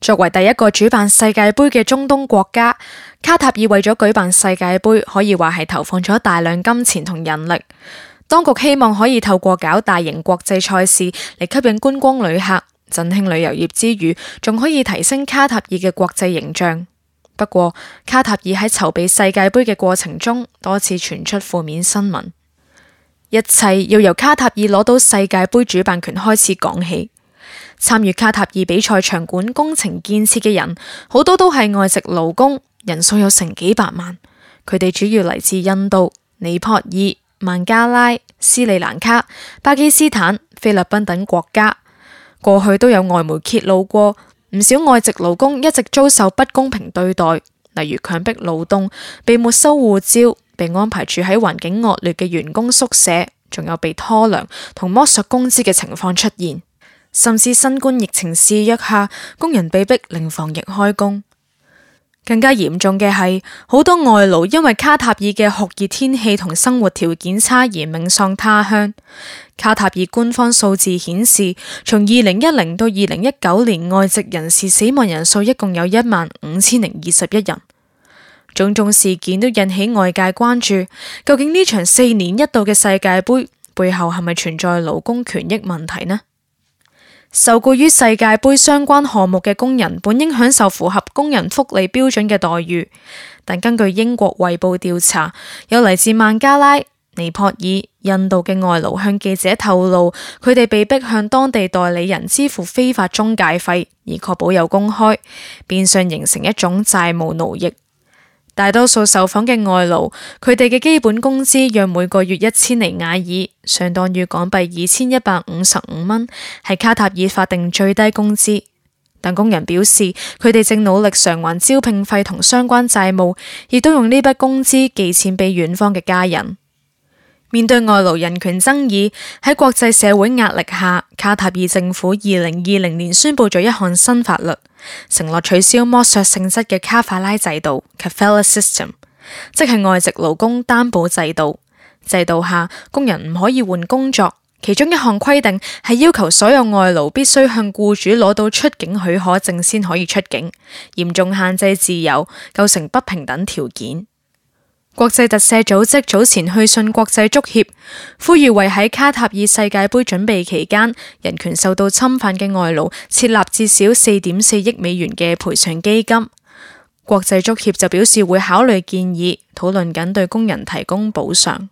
作為第一個主辦世界杯嘅中東國家，卡塔爾為咗舉辦世界杯，可以話係投放咗大量金錢同人力。當局希望可以透過搞大型國際賽事嚟吸引觀光旅客，振興旅遊業之餘，仲可以提升卡塔爾嘅國際形象。不過，卡塔爾喺籌備世界杯嘅過程中，多次傳出負面新聞。一切要由卡塔爾攞到世界杯主辦權開始講起。參與卡塔爾比賽場館工程建設嘅人，好多都係外籍勞工，人數有成幾百萬。佢哋主要嚟自印度、尼泊爾、孟加拉、斯里蘭卡、巴基斯坦、菲律賓等國家。過去都有外媒揭露過，唔少外籍勞工一直遭受不公平對待，例如強迫勞動、被沒收護照、被安排住喺環境惡劣嘅員工宿舍，仲有被拖糧同剝削工資嘅情況出現。甚至新冠疫情肆虐下，工人被迫零防疫開工。更加嚴重嘅係，好多外勞因為卡塔爾嘅酷熱天氣同生活條件差而命喪他鄉。卡塔爾官方數字顯示，從二零一零到二零一九年，外籍人士死亡人數一共有一萬五千零二十一人。種種事件都引起外界關注，究竟呢場四年一度嘅世界杯背後係咪存在勞工權益問題呢？受僱於世界杯相關項目嘅工人本應享受符合工人福利標準嘅待遇，但根據英國衛報調查，有嚟自孟加拉、尼泊爾、印度嘅外勞向記者透露，佢哋被迫向當地代理人支付非法中介費，以確保有工開，變相形成一種債務奴役。大多數受訪嘅外勞，佢哋嘅基本工資約每個月一千尼雅爾，相當於港幣二千一百五十五蚊，係卡塔爾法定最低工資。但工人表示，佢哋正努力償還招聘費同相關債務，亦都用呢筆工資寄錢俾遠方嘅家人。面對外勞人權爭議，喺國際社會壓力下，卡塔爾政府二零二零年宣布咗一項新法律，承諾取消剝削性質嘅卡法拉制度 c a f a l a System），即係外籍勞工擔保制度。制度下，工人唔可以換工作。其中一項規定係要求所有外勞必須向雇主攞到出境許可證先可以出境，嚴重限制自由，構成不平等條件。國際特赦組織早前去信國際足協，呼籲為喺卡塔爾世界杯準備期間，人權受到侵犯嘅外勞設立至少四點四億美元嘅賠償基金。國際足協就表示會考慮建議，討論緊對工人提供補償。